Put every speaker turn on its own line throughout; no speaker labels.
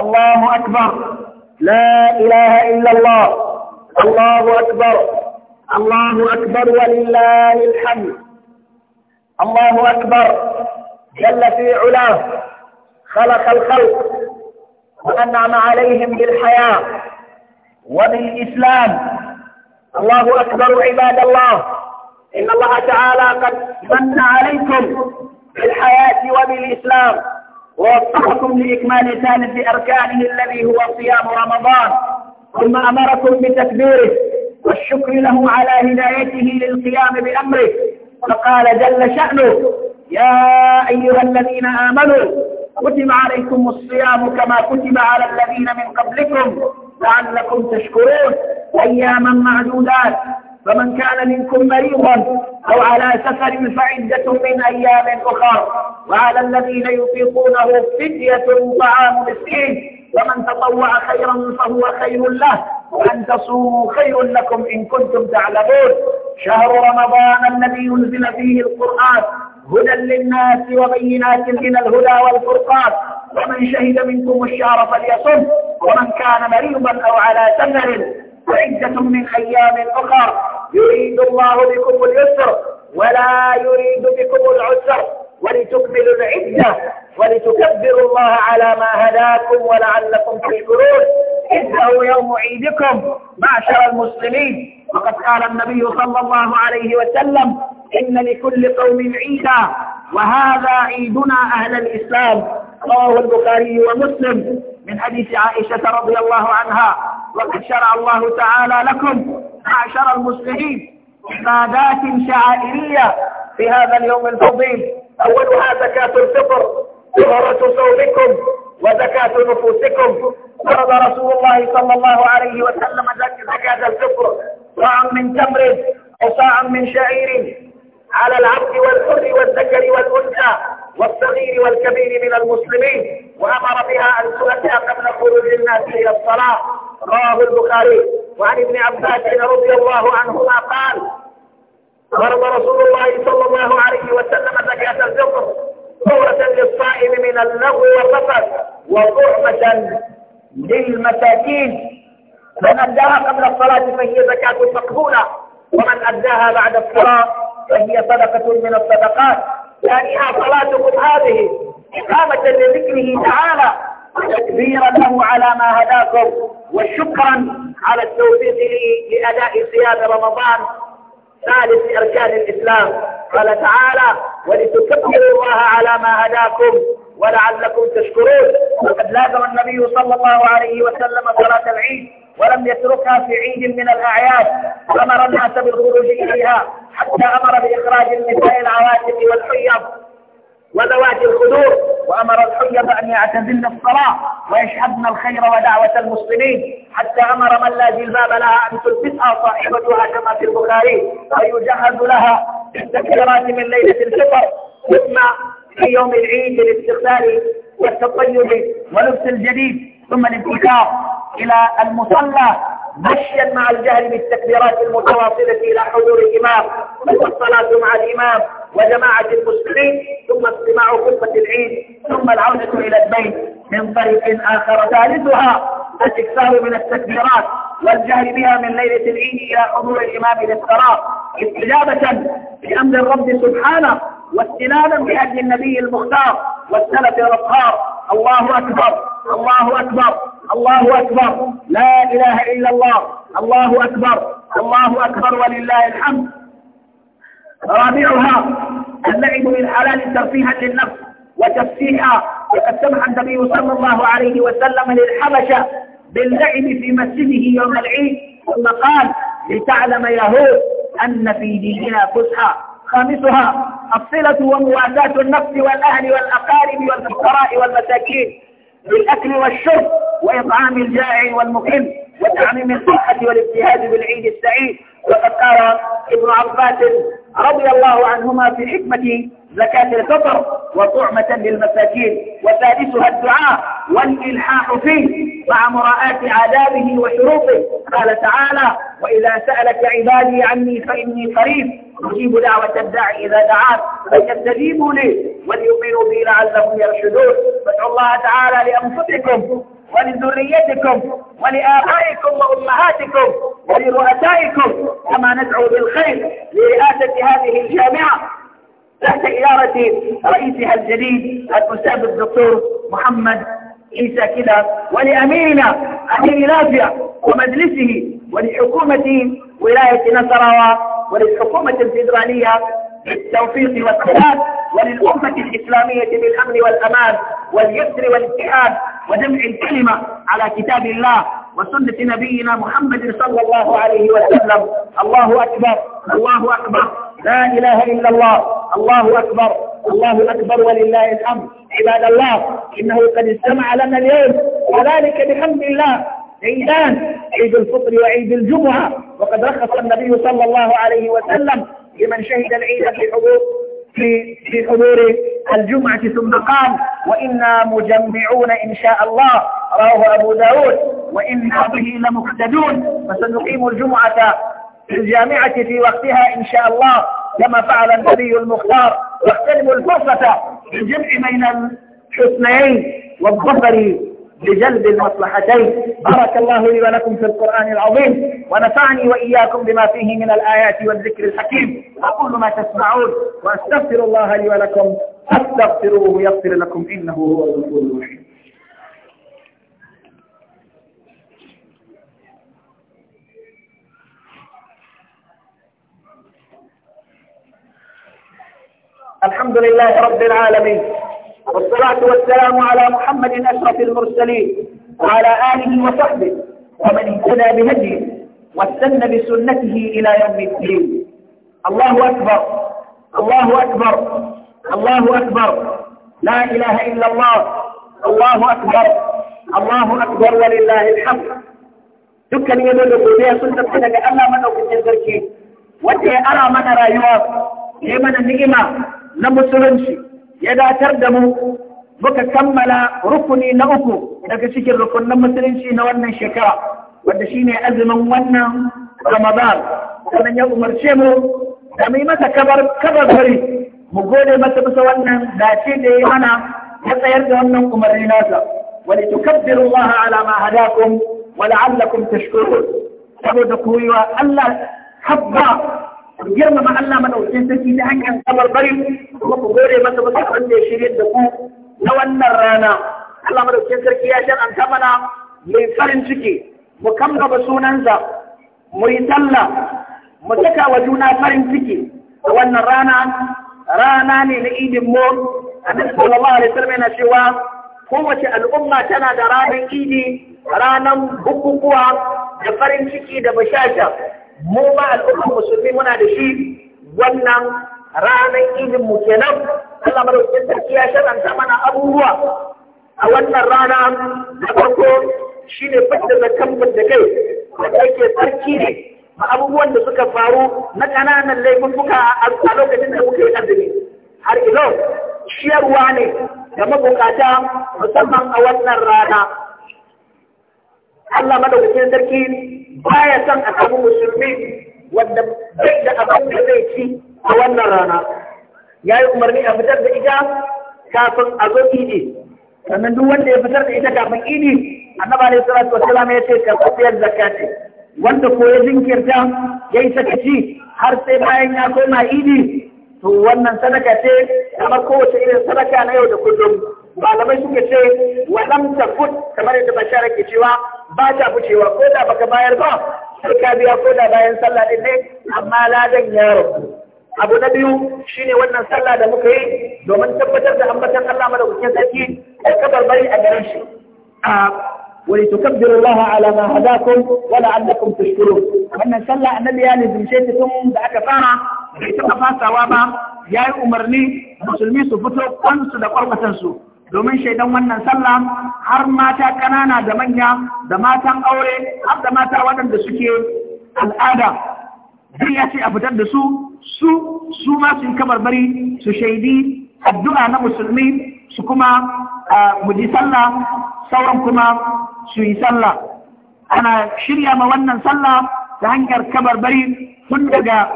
الله أكبر لا إله إلا الله الله أكبر الله أكبر ولله الحمد الله أكبر جل في علاه خلق الخلق وأنعم عليهم بالحياة وبالإسلام الله أكبر عباد الله إن الله تعالى قد من عليكم بالحياة وبالإسلام ووفقكم لإكمال ثالث أركانه الذي هو صيام رمضان ثم أمركم بتكبيره والشكر له على هدايته للقيام بأمره فقال جل شأنه يا أيها الذين آمنوا كتب عليكم الصيام كما كتب على الذين من قبلكم لعلكم تشكرون أياما معدودات فمن كان منكم مريضا أو على سفر فعدة من أيام أخر وعلى الذين يطيقونه فدية طعام مسكين ومن تطوع خيرا فهو خير له وأن تصوموا خير لكم إن كنتم تعلمون شهر رمضان الذي ينزل فيه القرآن هدى للناس وبينات من الهدى والفرقان ومن شهد منكم الشهر فليصم ومن كان مريضا أو على سفر فعدة من أيام أخر يريد الله بكم اليسر ولا يريد بكم العسر ولتكملوا العدة ولتكبروا الله على ما هداكم ولعلكم تشكرون إنه يوم عيدكم معشر المسلمين وقد قال النبي صلى الله عليه وسلم إن لكل قوم عيدا وهذا عيدنا أهل الإسلام رواه البخاري ومسلم من حديث عائشة رضي الله عنها وقد شرع الله تعالى لكم معشر المسلمين عبادات شعائرية في هذا اليوم الفضيل أولها زكاة الفطر طهرة صومكم وزكاة نفوسكم فرض رسول الله صلى الله عليه وسلم زكاة الفطر صاعا من تمر أو صاعا من شعير على العبد والحر والذكر والأنثى والصغير والكبير من المسلمين وأمر بها أن تؤتى قبل خروج الناس إلى الصلاة رواه البخاري وعن ابن عباس رضي الله عنهما قال ضرب رسول الله صلى الله عليه وسلم زكاة الفطر صورة للصائم من اللغو والرفث وطعمة للمساكين من أداها قبل الصلاة فهي زكاة مقبولة ومن أداها بعد الصلاة فهي صدقة من الصدقات يعني صلاتكم هذه إقامة لذكره تعالى له على ما هداكم وشكرا على التوفيق لي لأداء صيام رمضان ثالث أركان الإسلام قال تعالى ولتكبروا الله على ما هداكم ولعلكم تشكرون وقد لازم النبي صلى الله عليه وسلم صلاة العيد ولم يتركها في عيد من الأعياد أمر الناس بالخروج إليها حتى أمر بإخراج النساء العواتق والحيض وذوات الخدور وأمر الحجب أن يعتزلن الصلاة ويشهدن الخير ودعوة المسلمين حتى أمر من لا جلباب لها أن تلبسها صاحبتها كما في البخاري ويجهز لها بالتكبيرات من ليلة الفطر ثم في يوم العيد للاستقبال والتطيب ولبس الجديد ثم الابتكار إلى المصلى مشيا مع الجهل بالتكبيرات المتواصلة إلى حضور الإمام ثم الصلاة مع الإمام وجماعة المسلمين ثم استماع خطبة العيد ثم العودة إلى البيت من طريق آخر ثالثها الاكثار من التكبيرات والجهل بها من ليلة العيد إلى حضور الإمام للصلاة استجابة لأمر الرب سبحانه واستنادا بهدي النبي المختار والسلف الاطهار الله أكبر الله أكبر الله أكبر لا إله إلا الله الله أكبر الله أكبر ولله الحمد رابعها اللعب بالحلال ترفيها للنفس وتفسيحا وقد سمح النبي صلى الله عليه وسلم للحبشة باللعب في مسجده يوم العيد ثم قال لتعلم يهود أن في ديننا فسحة خامسها الصلة ومواساة النفس والأهل والأقارب والفقراء والمساكين بالأكل والشرب وإطعام الجائع والمقيم وتعميم الصحة والابتهاج بالعيد السعيد وقد قال ابن عباس رضي الله عنهما في حكمة زكاة الفطر وطعمة للمساكين وثالثها الدعاء والإلحاح فيه مع مراءاه عذابه وشروطه قال تعالى وإذا سألك عبادي عني فإني قريب أجيب دعوة الداعي إذا دعاك فليستجيبوا لي وليؤمنوا بي لعلهم يرشدون فادعوا الله تعالى لأنفسكم ولذريتكم ولآبائكم وأمهاتكم ولرؤسائكم كما ندعو بالخير لرئاسة هذه الجامعة تحت إدارة رئيسها الجديد الأستاذ الدكتور محمد عيسى كده ولأميرنا أمير نافع ومجلسه ولحكومة ولاية نصر وللحكومة الفيدرالية بالتوفيق والثبات وللأمة الإسلامية بالأمن والأمان واليسر والاتحاد وجمع الكلمة على كتاب الله وسنة نبينا محمد صلى الله عليه وسلم الله أكبر الله أكبر لا إله إلا الله الله أكبر الله أكبر ولله الحمد عباد الله إنه قد استمع لنا اليوم وذلك بحمد الله عيدان عيد الفطر وعيد الجمعة وقد رخص النبي صلى الله عليه وسلم لمن شهد العيد في حضور في في حضور الجمعة ثم قال وإنا مجمعون إن شاء الله رواه أبو داود وإنا به لمقتدون فسنقيم الجمعة في الجامعة في وقتها إن شاء الله كما فعل النبي المختار واغتنموا الفرصة للجمع بين الحسنيين والظفر لجلب المصلحتين بارك الله لي ولكم في القرآن العظيم ونفعني وإياكم بما فيه من الآيات والذكر الحكيم أقول ما تسمعون وأستغفر الله لي ولكم أستغفروه يغفر لكم إنه هو الغفور الرحيم الحمد لله رب العالمين والصلاة والسلام على محمد أشرف المرسلين وعلى آله وصحبه ومن اهتدى بهديه واستنى بسنته إلى يوم الدين الله أكبر الله أكبر الله أكبر لا إله إلا الله الله أكبر الله أكبر ولله الحمد dukkan yi da godiya sun tafi daga Allah madaukakin sarki wanda ya ara mana rayuwa ya mana ni'ima na musulunci ya datar da mu muka kammala rukuni na uku daga cikin rukunin musulunci na wannan shekara wanda shine azumin wannan Ramadan Wannan ya umarce mu da mu yi masa kabar bari mu gode masa bisa wannan dace da ya mana ya tsayar da wannan umarni nasa wani tukabbiru Allah ala ma hadakum wa la'allakum tashkurun saboda ku yi wa Allah habba ku girmama Allah madaukakin sarki ta hanyar kabarbari kuma ku gode shirye da ku na wannan rana Allah madaukakin sarki ya shar'anta mana mai farin ciki mu kammaba sunansa mu yi talla mu saka wa juna farin ciki a wannan rana rana ne na idin mu annabi sallallahu alaihi wasallam na cewa kowace al'umma tana da ranar idi ranar bukukuwa da farin ciki da bashasha mu ba al'ummar musulmi muna da shi wannan ranar idin mu kenan Allah madaukakin sarki ya sharanta mana abubuwa a wannan rana da farko shine fitar da kamfan da kai wanda ake sarki ne abubuwan da suka faru na ƙananan laifuffuka a lokacin da muka yi azumi har ilo shiyarwa ne da mabukata musamman a wannan rana Allah madaukakin sarki baya son a samu musulmi wanda bai da abin da zai ci a wannan rana ya yi umarni a fitar da ita kafin a zo idi sannan duk wanda ya fitar da ita kafin idi sallallahu alaihi salatu wasallam ya ce ka zakka zakati wanda ko ya jinkirta ya yi sakaci har sai bayan ya koma idi to wannan sadaka ce kamar kowace irin sadaka na yau da kullum malamai suka ce wa lam takut kamar yadda bashar ke cewa ba ta ficewa ko da baka bayar ba sai ka biya ko da bayan sallah din ne amma ladan ya rabu abu na biyu shine wannan sallah da muka yi domin tabbatar da ambatan Allah madaukakin sarki da bari a garin shi wani tukabbiru Allah ala ma hadakum wa la'allakum tashkurun wannan sallah annabi ya lizince ta tun da aka fara bai taba fasawa ba ya yi umarni musulmi su fito kansu da kwarkwatan su domin shaidan wannan sallah har mata ƙanana da manya da matan aure har da mata waɗanda suke al'ada duk ya ce a fitar da su su su ma su bari su shaidi addu'a na musulmi su kuma mu ji sallah sauran kuma su yi sallah ana shirya ma wannan sallah ta hanyar kabarbari tun daga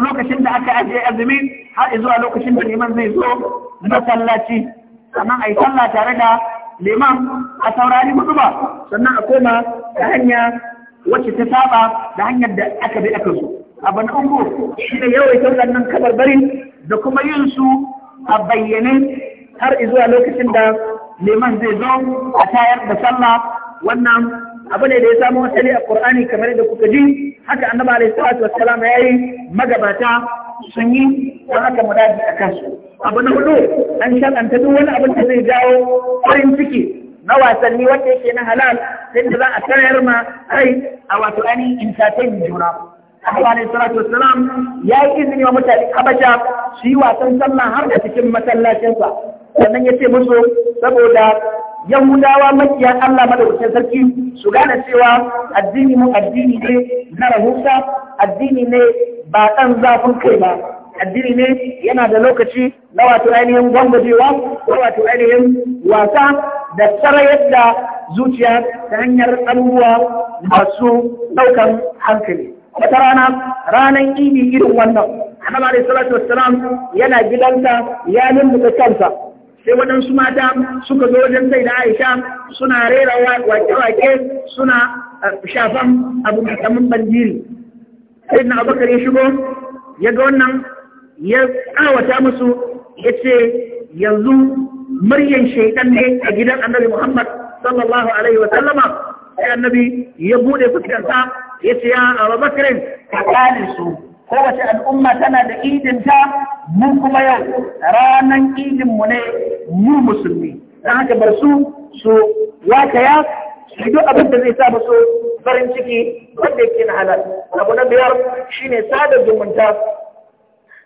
lokacin da aka ajiye azumi har zuwa lokacin da neman zai zo masallaci sannan a yi sallah tare da neman a saurari ba sannan a koma ta hanya wacce ta saba da hanyar da aka bi aka zo abu na uku shi ne yawaita waɗannan kabarbarin da kuma yin su a bayyane har zuwa lokacin da neman zai zo a tayar da sallah wannan abu ne da ya samu wasali a Qur'ani kamar da kuka ji haka annabi alaihi salatu wassalam yi magabata sun yi don haka mu dadi a kansu abu na hudu an shaɗanta duk wani abin da zai jawo farin ciki na wasanni wanda yake na halal sai da za a tarayar ma rai a wato ainihin entertainment juna Allah alaihi salatu wassalam ya yi izini wa mutane Habasha su yi wasan sallah har da cikin masallacinsa sannan ya ce musu saboda Yahudawa makiya Allah madaukakin sarki su gane cewa addini mu addini ne na rahusa addini ne ba ɗan zafin kai ba addini ne yana da lokaci na wato ainihin gwangwajewa ko wato ainihin wasa da sarayar da zuciya ta hanyar abubuwa masu ɗaukan hankali. wata rana ranan idi irin wannan annabi alaihi salatu wassalam yana gidansa ya lulluɓe kansa sai waɗansu mata suka zo wajen sai da Aisha suna rera wake-wake suna eh, shafan abin mai kamun bandiri sai na abubakar ya shigo ya ga wannan ya tsawata musu ya ce yanzu muryan shaidan ne a gidan annabi Muhammad sallallahu alaihi wa sallama sai annabi ya buɗe fuskarsa yace ya Abu Bakr ka su kowace al'umma tana da idinta mun kuma yau ranan idin mu ne mu musulmi dan haka bar su su wakaya shi duk abin da zai sa ba su farin ciki wanda yake na halal abu na biyar shine sada zumunta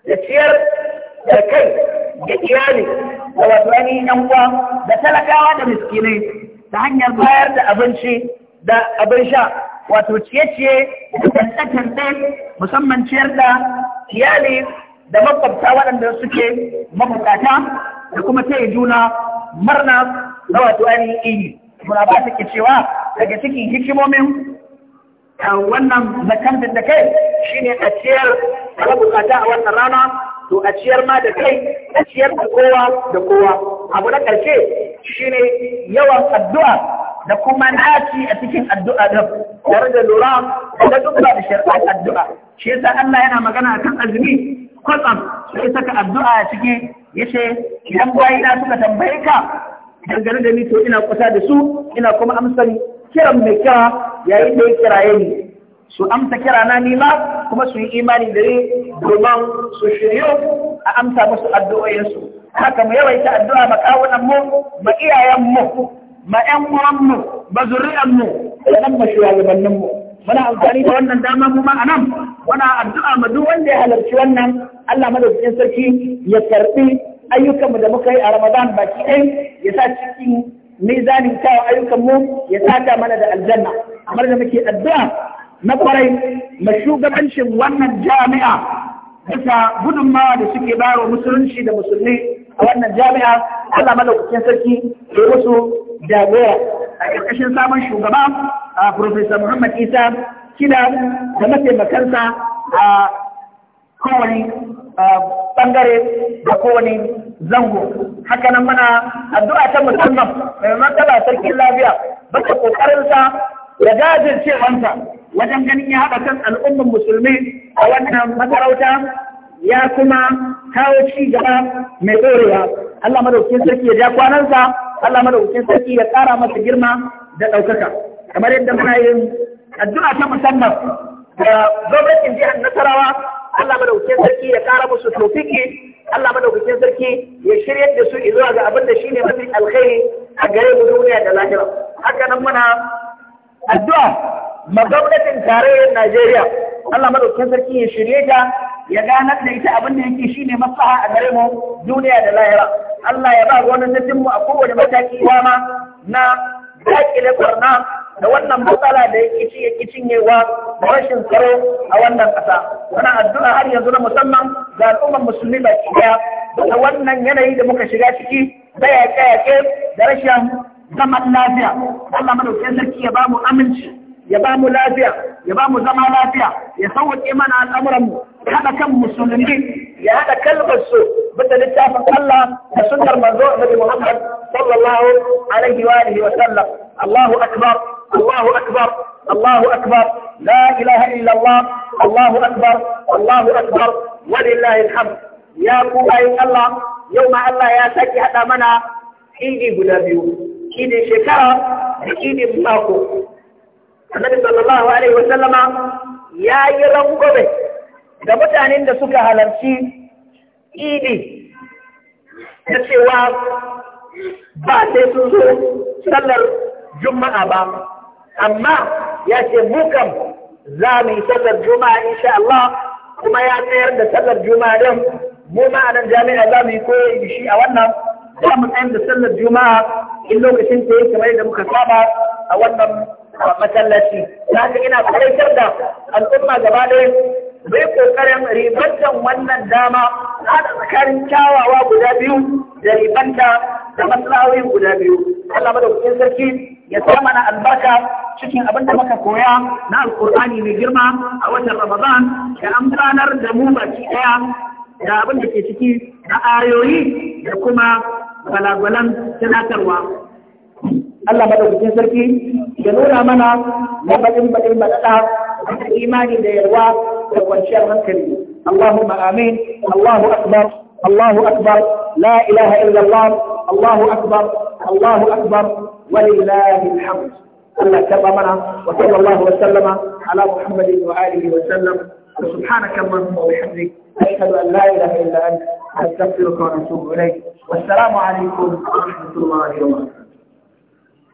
da ciyar da kai da iyali da wasu yan uwa da talakawa da miskinai ta hanyar bayar da abinci da abin sha wato ciye-ciye da musamman ciyar da iyali da makwabta waɗanda suke mabukata da kuma taya juna marna na wato ainihin Muna ba ta cewa daga cikin hikimomin wannan zakantar da kai shine a ciyar da mabukata a wannan rana to a ciyar ma da kai a ciyar da kowa da kowa abu na ƙarshe shine yawan addu'a da kuma naci a cikin addu'a da tare da lura da dubba da shari'ar addu'a shi yasa Allah yana magana akan azumi kwatsam sai saka addu'a a ciki yace idan na suka tambaye ka dangane da ni to ina kusa da su ina kuma amsar kiran mai kira yayin da ya kiraye ni su amsa kira na nima kuma su yi imani da ni domin su shiryu a amsa musu addu'o'insu haka mu yawaita addu'a ma kawunan mu ma iyayen mu ma 'yan uwanmu ma zuri'anmu da nan ma shugabanninmu muna amfani da wannan dama mu ma a nan muna addu'a ma duk wanda ya halarci wannan Allah madaukakin sarki ya karɓi ayyukanmu da muka yi a Ramadan baki ɗai ya sa cikin mizanin kawo ayyukanmu ya sata mana da aljanna kamar da muke addu'a na kwarai ma shugabancin wannan jami'a bisa gudunmawa da suke bayarwa musulunci da musulmi a wannan jami'a Allah malaukakin sarki ya musu jagora a ƙarƙashin samun shugaba a Profesa Muhammad Isa kina da mataimakansa a kowane bangare da kowane zango. Haka nan mana addu'a ta musamman mai martaba sarkin lafiya bata ƙoƙarinsa da jajircewansa wajen ganin ya haɗa kan al'ummar musulmi a wannan masarauta ya kuma kawo ci gaba mai ɗorewa. Allah madaukakin sarki ya ja kwanansa Allah madaukakin sarki ya ƙara masa girma da ɗaukaka kamar yadda muna yin addu'a ta musamman da gwamnatin jihar Nasarawa Allah madaukakin sarki ya ƙara musu tofiki Allah madaukakin sarki ya shiryar da su zuwa ga abinda da ne mafi alkhairi a gare mu duniya da lahira haka nan muna addu'a ma gwamnatin tarayyar Najeriya Allah madaukakin sarki ya shirye ta ya ganar da ita abin da yake shine maslaha a gare mu duniya da lahira Allah ya ba gwamnatin mu a kowane mataki ma na dakile kwarna da wannan matsala da yake ci yake cinyewa da rashin tsaro a wannan ƙasa wannan addu'a har yanzu na musamman ga al'ummar musulmi baki daya da wannan yanayi da muka shiga ciki da yaƙe-yaƙe da rashin zaman lafiya Allah madaukakin sarki ya ba mu aminci ya ba mu lafiya ya ba mu zama lafiya ya sauwaƙe mana al'amuranmu haɗa kan musulmi ya haɗa kalmar su bisa littafin Allah da sunnar manzo Annabi Muhammad sallallahu alaihi wa alihi wa sallam Allahu akbar Allahu akbar Allahu akbar la ilaha illa Allah Allahu akbar Allahu akbar walillahi alhamd ya ku bayin Allah yau ma Allah ya saki haɗa mana idi guda biyu idin shekara da idin mako annabi sallallahu alaihi wa sallama ya yi rangobe da mutanen da suka halarci idi da cewa ba sai sun zo sallar juma'a ba amma ya ce mu kam za mu yi sallar juma'a insha Allah kuma ya tsayar da sallar juma'a din mu ma a nan jami'a za mu yi koyi da shi a wannan za mu tsayar da sallar juma'a in lokacin ta yi kamar da muka saba a wannan a masallaci kaga ina kwaikar da al'umma gaba ɗaya zai kokarin ribantan wannan dama da tsakanin kyawawa guda biyu da ribanta da maslahohi guda biyu Allah kuɗin sarki ya sa mana albarka cikin abin da muka koya na alkur'ani mai girma a watan ramadan da amfanar da mu baki ɗaya da abin da ke ciki na ayoyi da kuma balagwalan tunatarwa Allah madaukakin sarki ya nuna mana na baɗin baɗin baɗaɗa da imani da yarwa da kwanciyar hankali Allahumma amin Allahu akbar Allahu akbar la ilaha illallah Allahu akbar Allahu akbar walillahi alhamd Allah karba mana wa sallallahu wa sallama ala Muhammadin wa alihi wa sallam سبحانك اللهم وبحمدك أشهد أن لا إله إلا أنت أستغفرك وأتوب إليك والسلام عليكم ورحمة الله وبركاته